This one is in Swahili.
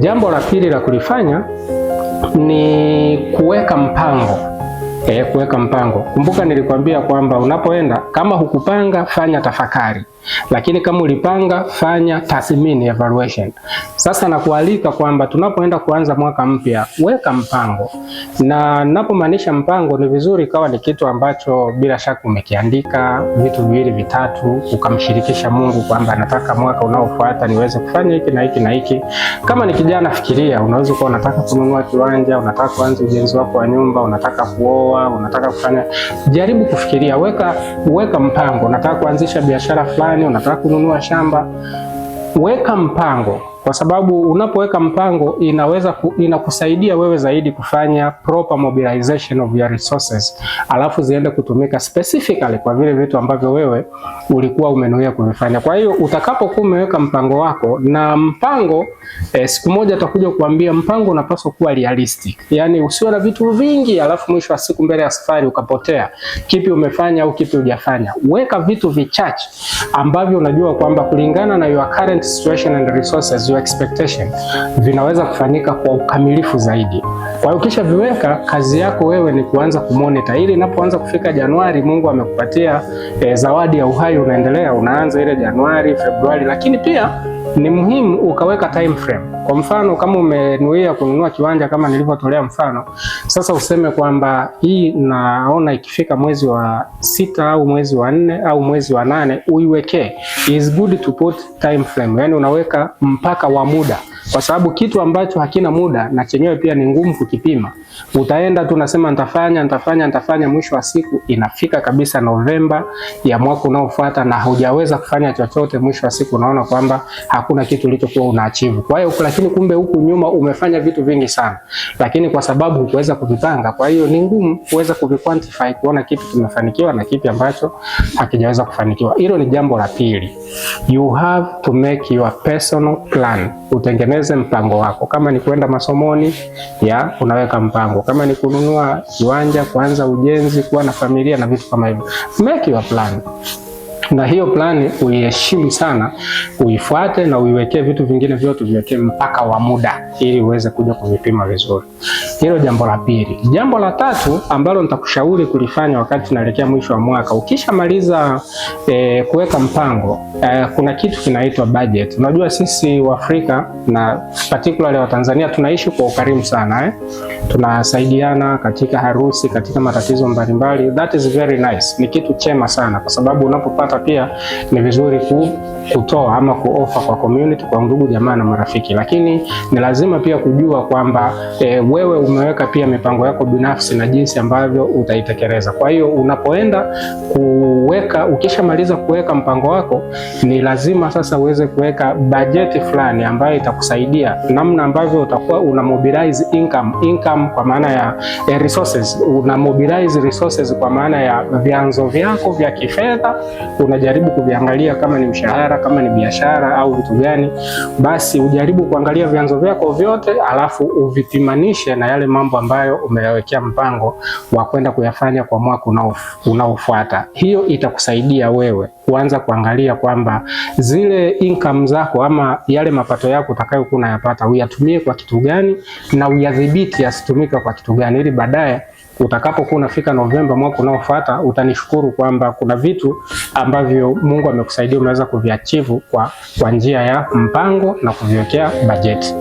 Jambo la pili la kulifanya ni kuweka mpango eh, kuweka mpango. Kumbuka nilikwambia kwamba unapoenda, kama hukupanga fanya tafakari, lakini kama ulipanga fanya tathmini, evaluation. Sasa nakualika kwamba tunapoenda kuanza mwaka mpya, weka mpango, na ninapomaanisha mpango, ni vizuri kawa ni kitu ambacho bila shaka umekiandika vitu viwili vitatu, ukamshirikisha Mungu kwamba nataka mwaka unaofuata niweze kufanya hiki na hiki na hiki. Kama ni kijana, fikiria, unaweza kuwa unataka kununua kiwanja, unataka kuanza ujenzi wako wa nyumba, unataka kuoa kuoa, unataka kufanya, jaribu kufikiria, weka weka mpango. Unataka kuanzisha biashara fulani, unataka kununua shamba, weka mpango kwa sababu unapoweka mpango inaweza ku, inakusaidia wewe zaidi kufanya proper mobilization of your resources, alafu ziende kutumika specifically kwa vile vitu ambavyo wewe ulikuwa umenuia kuvifanya. Kwa hiyo utakapokuwa umeweka mpango wako na mpango eh, siku moja atakuja kuambia mpango unapaswa kuwa realistic, yani usiwe na vitu vingi, alafu mwisho wa siku mbele ya safari ukapotea kipi umefanya au kipi hujafanya. Weka vitu vichache ambavyo unajua kwamba kulingana na your current situation and resources your expectation vinaweza kufanyika kwa ukamilifu zaidi. Kwa hiyo kisha viweka, kazi yako wewe ni kuanza kumonita, ili inapoanza kufika Januari, Mungu amekupatia e, zawadi ya uhai, unaendelea unaanza ile Januari, Februari, lakini pia ni muhimu ukaweka time frame. Kwa mfano kama umenuia kununua kiwanja kama nilivyotolea mfano, sasa useme kwamba hii naona ikifika mwezi wa sita au mwezi wa nne au mwezi wa nane uiwekee. Is good to put time frame, yani unaweka mpaka wa muda kwa sababu kitu ambacho hakina muda na chenyewe pia ni ngumu kukipima. Utaenda tu unasema nitafanya nitafanya nitafanya, mwisho wa siku inafika kabisa Novemba ya mwaka unaofuata na hujaweza kufanya chochote. Mwisho wa siku unaona kwamba hakuna kitu ulichokuwa unaachivu. Kwa hiyo lakini kumbe huku nyuma umefanya vitu vingi sana, lakini kwa sababu hukuweza kuvipanga, kwa hiyo ni ngumu kuweza kuvikwantify, kuona kitu kimefanikiwa na kipi ambacho hakijaweza kufanikiwa. Hilo ni jambo la pili. You have to make your personal plan. Utengeneze utengeneze mpango wako. Kama ni kwenda masomoni ya unaweka mpango, kama ni kununua kiwanja, kuanza ujenzi, kuwa na familia na vitu kama hivyo, make your plan na hiyo plani uiheshimu sana, uifuate na uiwekee vitu vingine vyote, viwekee mpaka wa muda ili uweze kuja kuvipima vizuri. Hilo jambo la pili. Jambo la tatu ambalo nitakushauri kulifanya wakati tunaelekea mwisho wa mwaka, ukishamaliza e, kuweka mpango e, kuna kitu kinaitwa budget. Unajua sisi Waafrika na particularly wa Tanzania tunaishi kwa ukarimu sana eh? Tunasaidiana katika harusi, katika matatizo mbalimbali. That is very nice, ni kitu chema sana, kwa sababu unapopata pia ni vizuri ku, kutoa ama kuofa kwa community, kwa ndugu jamaa na marafiki, lakini ni lazima pia kujua kwamba e, wewe umeweka pia mipango yako binafsi na jinsi ambavyo utaitekeleza. Kwa hiyo unapoenda kuweka, ukishamaliza kuweka mpango wako, ni lazima sasa uweze kuweka bajeti fulani ambayo itakusaidia namna ambavyo utakuwa una mobilize income, income kwa maana ya eh, resources. Una mobilize resources kwa maana ya vyanzo vyako vya kifedha, unajaribu kuviangalia kama ni mshahara, kama ni biashara au vitu gani, basi ujaribu kuangalia vyanzo vyako vyote alafu uvitimanishe na yale mambo ambayo umeyawekea mpango wa kwenda kuyafanya kwa mwaka unaofuata. Hiyo itakusaidia wewe kuanza kuangalia kwamba zile income zako ama yale mapato yako utakayokuwa unayapata uyatumie kwa kitu gani na uyadhibiti yasitumike kwa kitu gani, ili baadaye utakapokuwa unafika Novemba mwaka unaofuata utanishukuru kwamba kuna vitu ambavyo Mungu amekusaidia umeweza kuviachivu kwa, kwa njia ya mpango na kuviwekea bajeti.